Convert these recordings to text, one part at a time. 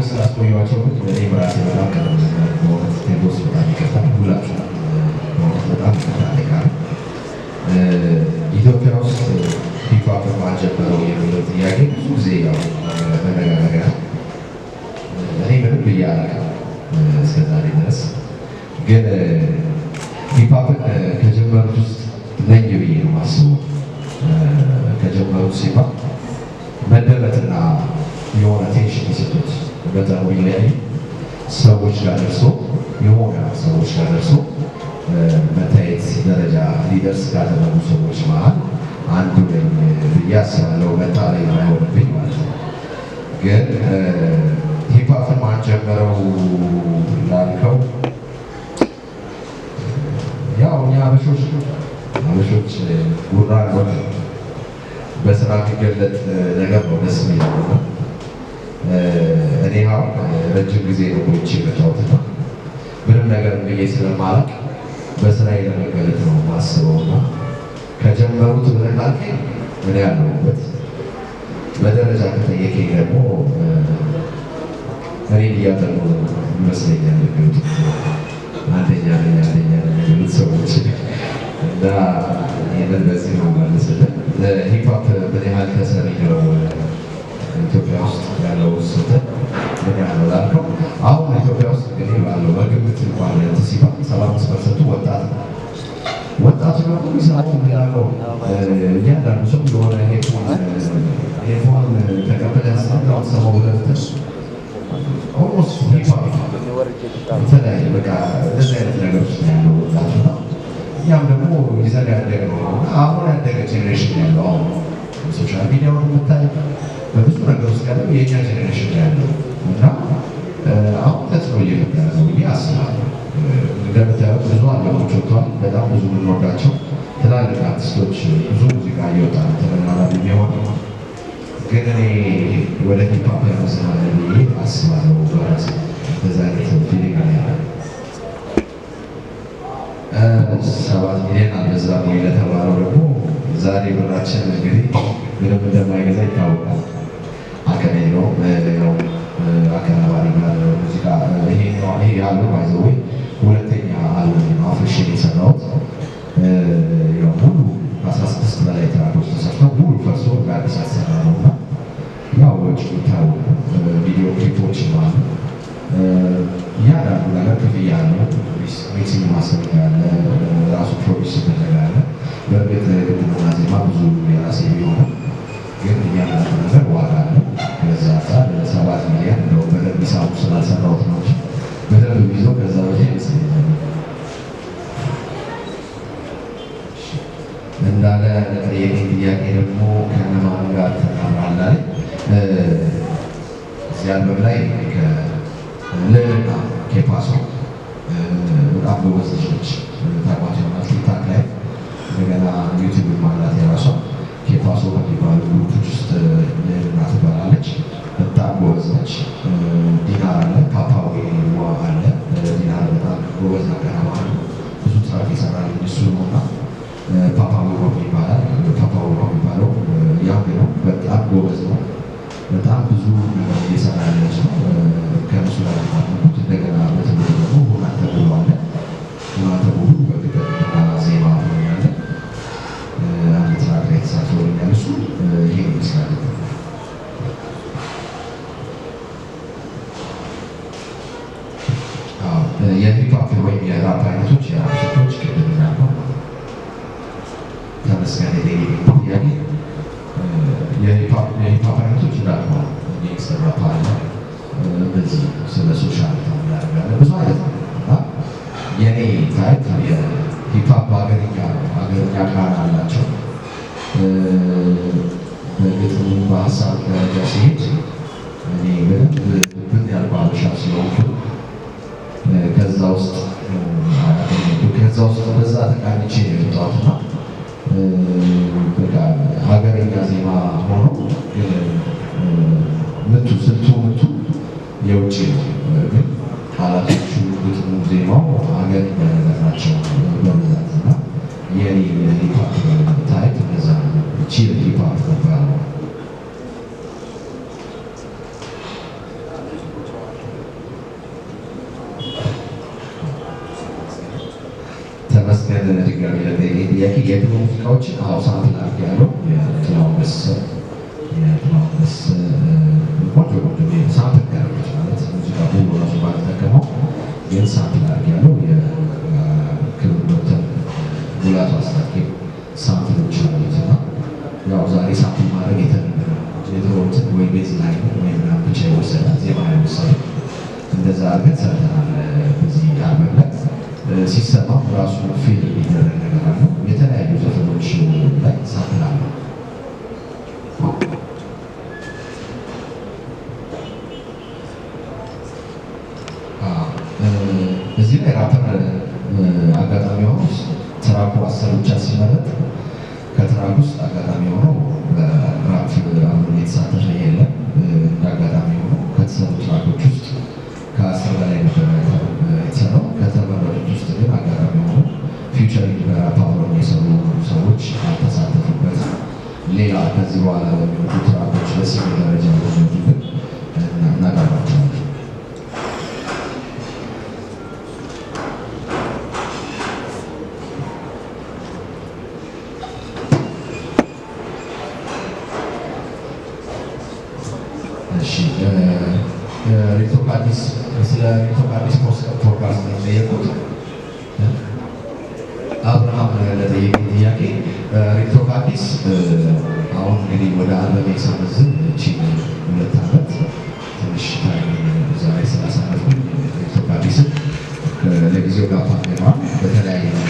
አብራችሁ ስላስቆያቸው እኔ ራሴ በጣም ቴዎድሮስ በጣም ይቀጣል። ሁላችሁ በጣም ይቀጣል። ኢትዮጵያ ውስጥ ፊፋ በማን ጀመረው የሚለው ጥያቄ ብዙ ጊዜ ያው መነጋገሪያ እኔ ምንም ብዬ አላውቅም እስከዛሬ ድረስ ግን ገጠር ወይ ላይ ሰዎች ጋር ደርሶ የሆነ ሰዎች ጋር ደርሶ መታየት ደረጃ ሊደርስ ካደረጉ ሰዎች መሀል አንዱ ነኝ ብዬ አስባለሁ። መጣ ላይ የማይሆንብኝ ማለት ነው። ግን ሂፓፍ ማን ጀመረው ላልከው ያው እኛ አበሾች አበሾች ጉራ በስራ የሚገለጥ ነገር ነው ደስ የሚለው ረጅም ጊዜ ነው ውጭ መጫወትና ምንም ነገር ብዬ ስለማላውቅ በስራዬ ለመገለጥ ነው ማስበው እና ከጀመሩት ብለህ ምን ያለሁበት በደረጃ ከጠየቀኝ ደግሞ እኔ እያጠኑ ይመስለኛል የሚወጡ አንደኛ ነኝ አንደኛ ነኝ የሚሉት ሰዎች እና ይህንን በዚህ ነው መልስልን። ሂፕ ምን ያህል ተሰሪ ነው ኢትዮጵያ ውስጥ ያለው ስህተት ሰዓት የሚያደርገው እያንዳንዱ ሰው የሆነ ሄድፎን ተቀበለ ሰማው ለፍተሽ ኦልሞስት ሂፓፕ የተለያየ ያለው በብዙ ነገር ውስጥ ያለው የእኛ ጄኔሬሽን ያለው እና አሁን ተጽዕኖ እየፈጠረ ነው ብዬ አስባለሁ። እንደምታዩት ብዙ አለሞች ወጥተዋል። በጣም ብዙ የምንወዳቸው ትላልቅ አርቲስቶች ብዙ ሙዚቃ እየወጣ ተለማላሚ የሚሆን ግን እኔ ወደ ሂፓፕ ያመሰናለ ብዬ አስባለሁ። በራሴ በዛ አይነት ፊሊንግ ነው ሰባት ሚሊዮን አበዛ ወይ ለተባለው ደግሞ ዛሬ ብራችን እንግዲህ ምንም እንደማይገዛ ይታወቃል። አቀሜ ነው ሌላው አቀናባሪ ጋር ሙዚቃ ይሄ ያሉ ባይዘወይ ሁለተኛ ኬፓሶ በጣም ጎበዝ ልጆች ታቋት ይሆናል። ቲክታክ ላይ እንደገና ዩቲዩብ ማላት የራሷ ኬፓሶ በሚባሉ ግሩፖች ውስጥ ልዕልና ትባላለች። በጣም ጎበዝ ነች። ዲናር አለ፣ ፓፓዊ አለ። ዲናር በጣም ጎበዝ አቀናባ ብዙ ስራ ይሰራል። እሱ ነው እና ፓፓዊ ይባላል። ፓፓዊ የሚባለው ያው ነው። በጣም ጎበዝ ነው። በጣም ብዙ ነገር እየሰራ ያለች ነው ከእሱ ጋር የሂፓፕ ወይም የራፕ አይነቶች የራፕቶች ቅድም ናባ ተመስገን ጥያቄ የሂፓፕ አይነቶች እንዳልኳል ሚክስድ አለ እንደዚህ ስለ ሶሻል ያደርጋለ ብዙ አይነት እና የኔ ታይፕ የሂፓፕ ሀገርኛ ሀገርኛ ቃና አላቸው በግጥሙ በሀሳብ ደረጃ ሲሄድ እኔ በደንብ ብን ያልባለሻ ስለሆንኩ ከዛ ውስጥ ከዛ ውስጥ በዛ ተቃንቼ ነው የወጣሁት በቃ ሀገረኛ ዜማ ሆኖ ምቱ ስልቱ ምቱ የውጭ ነው ግን ቃላቶቹ ግጥሙ ዜማው ሀገረኛ ነገር ናቸው በብዛት እና የኔ ሂፓፕ ታይፕ እነዛ ቺል ሂፓፕ ነበር ያለው። የድሮ ሙዚቃዎችን አዎ ሰዓት ላርግ ያለው የጥላሁን ገሰ የጥላሁን ገሰ ቆንጆ ቆንጆ ሰዓት ያደረገች ማለት ሙዚቃ ሁሉ ራሱ ባልጠቀመው ግን ሰዓት ላርግ ያለው የክብር ዶክተር ሙላቱ አስታጥቄ ሳምፕሎች አሉት እና ያው ዛሬ ሳምፕል ማድረግ የተለመደ የድሮትን ወይ ቤዝ ላይ ወይ ምናምን ብቻ የወሰደ ዜማ የወሰደ እንደዛ አድርገን ሰርተናል። በዚህ አመት ሲሰማም ራሱ ፊል ከትራክ ውስጥ አጋጣሚ ሆኖ በራፕ አብሮ የተሳተፈ የለም። እንደ አጋጣሚ ሆኖ ከተሰሩ ትራኮች ውስጥ ከአስር በላይ ነበረ የተሰራው። ከተመረጡት ውስጥ ግን አጋጣሚ ሆኖ ፊውቸሪንግ በራፕ አብሮ የሰሩ ሰዎች አልተሳተፉበትም። ሌላ ከዚህ በኋላ በሚወጡ ትራኮች በሲሚ ደረጃ ሚወጡ እሺ ሪቶፓዲስ ስለ ሪቶፓዲስ ፎርካስት ነው የጠየቁት። አብርሃም ለጠየቁ ጥያቄ ሪቶፓዲስ አሁን እንግዲህ ወደ አልበሜ ሳመዝን እቺ ሁለት ዓመት ትንሽ ታይም ዛሬ ስላሳለፍኩኝ ሪቶፓዲስን ለጊዜው ጋፓ በተለያየ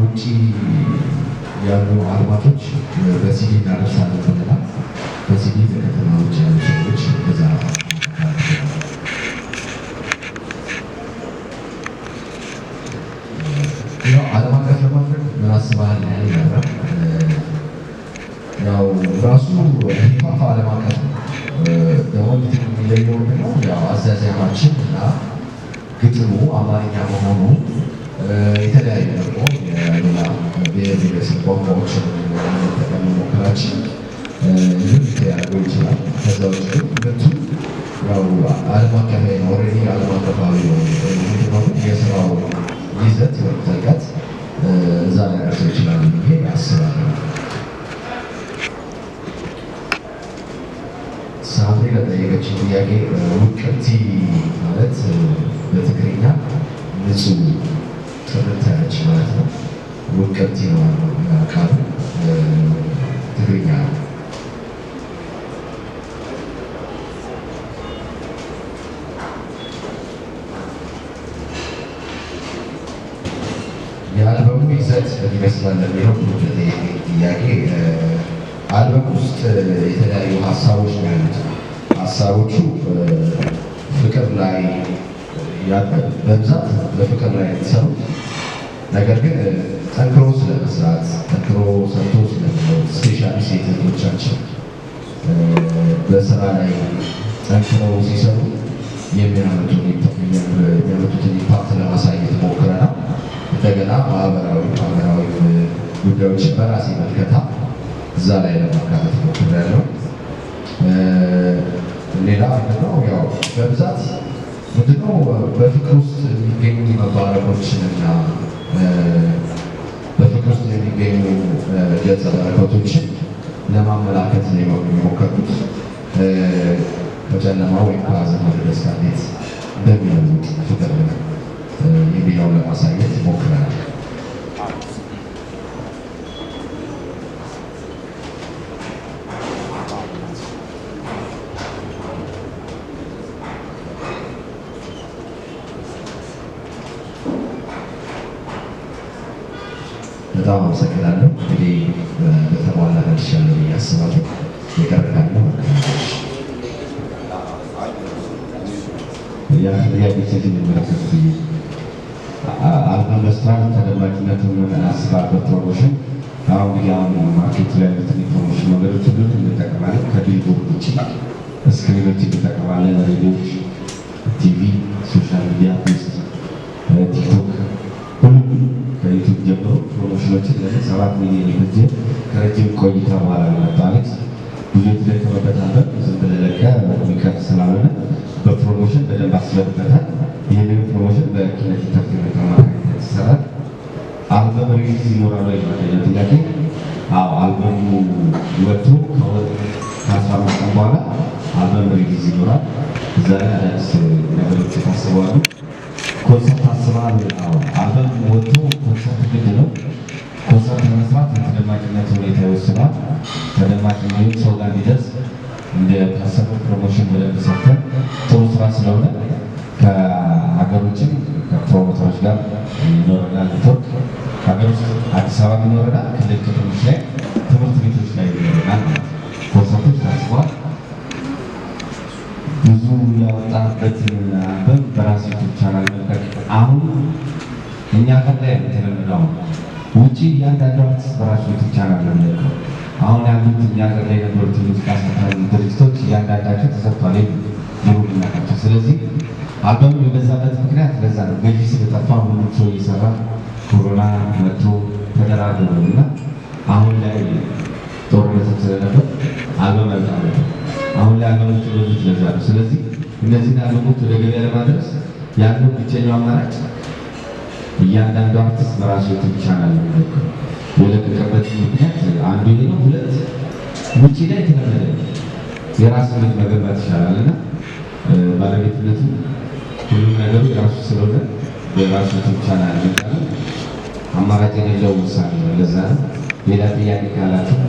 ውጭ ያሉ አልባቶች በሲዲ እናደርሳለን እና በሲዲ ከከተማ ውጭ ያሉ ሰዎች በዛ ዓለም አቀፍ ለማድረግ ምን አስበሃል? ያው ራሱ ሂፓፕ ዓለም አቀፍ ደግሞ የሚለየው ምንድን ነው? እና ግጥሙ አማርኛ መሆኑ የተለያዩ ደግሞ የሌላ ብሔር ብሔረሰብ ቋንቋዎች መጠቀም መሞከራችን ልምት ያደርገው ይችላል። ከዛ ውጭ ግን ሁለቱ ያው ዓለም አቀፋዊ ኦልሬዲ ዓለም አቀፋዊ ነው። የስራው ይዘት ወይም ጥልቀት እዛ ላይ ደርሰው ይችላል ብዬ አስባለሁ። ሳምሪ ለጠየቀችን ጥያቄ ውቅርቲ ማለት በትግርኛ ንጹህ ጥርት ማለት ነው። ውቀት ይኖራል ካሉ ትግርኛ የአልበሙ ይዘት ይመስላል ለሚለው ጥያቄ አልበም ውስጥ የተለያዩ ሀሳቦች ነው ያሉት። ሀሳቦቹ ፍቅር ላይ በብዛት በፍቅር ላይ የተሰሩት ነገር ግን ጠንክሮ ስለመስራት ጠንክሮ ሰርቶ ስለሚለው ስፔሻሊ ሴት እህቶቻችን በስራ ላይ ጠንክረው ሲሰሩ የሚያመጡትን ኢምፓክት ለማሳየት ሞክረናል። እንደገና ማህበራዊ ማህበራዊ ጉዳዮችን በራሴ መልከታ እዛ ላይ ለማካተት ሞክሬያለሁ። ሌላ ምንድነው ያው በብዛት ምንድነው በፍቅር ውስጥ የሚገኙ መባረኮችን እና በፍቅር የሚገኙ ገጸ በረከቶችን ለማመላከት ነው የሞከርኩት። ከጨለማ ወይም ከሀዘን ወደ ደስታ እንዴት እንደሚለውጥ ፍቅር የሚለውን ለማሳየት ሞክረናል። አስባቸው ይደረጋሉ። ቲቪ፣ ሶሻል ሚዲያ፣ ቲክቶክ ሁሉ ጀምሮ ፕሮሞሽኖችን ለምን ሰባት ሚሊዮን የፈጀ ከረጅም ቆይታ በኋላ መጣ። አሌክስ ብዙ የተደከመበት አልበም ዝም ብለህ ለቀህ ስላልሆነ በፕሮሞሽን በደንብ አስበንበታል። ይህንን ፕሮሞሽን በኪነት ኢንተርቴንመንት አማካኝነት ይሰራል። አልበም ሪሊዝ ይኖራል ወይ ጥያቄ? አዎ አልበሙ ወጥቶ ከአስራ አምስት ቀን በኋላ አልበም ሪሊዝ ይኖራል። እዛ ላይ አዳዲስ ነገሮች ታስበዋሉ። ኮንሰርት አስባል አልበም ወጥቶ ኮንሰርት ግድ ነው። ኮንሰርት ለመስራት የተደማጭነት ሁኔታ ይወስናል። ተደማጭ እንዲሁም ሰው ጋር እንዲደርስ እንደ ካሰበው ፕሮሞሽን በደንብ ሰርተን ጥሩ ስራ ስለሆነ ከሀገር ውጭም ከፕሮሞተሮች ጋር ይኖረናል። ኔትወርክ ሀገር ውስጥ አዲስ አበባ ይኖረናል። ክልል ከተሞች ላይ ትምህርት ቤቶች ላይ ይኖረናል። ኮንሰርቶች ታስበዋል። ብዙ ያወጣበት አልበም በራስ ዩቱብ ቻናል አሁን እኛ ሀገር ላይ ውጭ እያንዳንዱ አርቲስት በራሱ ዩቱብ ቻናል አሁን ያሉት እኛ ሀገር የነበሩት ሙዚቃ አሳታሚ ድርጅቶች እያንዳንዳቸው ተሰርቷል ቢሮ ልናቃቸው። ስለዚህ አልበም የበዛበት ምክንያት ለዛ ነው። ገዢ ስለጠፋ ሁሉ ሰው እየሰራ ኮሮና መጥቶ ተደራደሩ እና አሁን ላይ ጦርነትም ስለነበር አልበም አልጣለ አሁን ላይ አልበሞች ብዙ ስለዛ ነው። ስለዚህ እነዚህን አልበሞች ወደ ገበያ ለማድረስ ያለው ብቸኛው አማራጭ እያንዳንዱ አርቲስት በራሱ ዩቱብ ቻናል የለቀቀበት ምክንያት አንዱ ይሄ ነው። ሁለት ውጭ ላይ ተለመደ የራሱ ምት መገንባት ይሻላል እና ባለቤትነቱ ሁሉም ነገሩ የራሱ ስለሆነ የራሱ ዩቱብ ቻናል መጣለ አማራጭ የሌለው ውሳኔ ነው። ለዛ ነው ሌላ ጥያቄ ካላቸው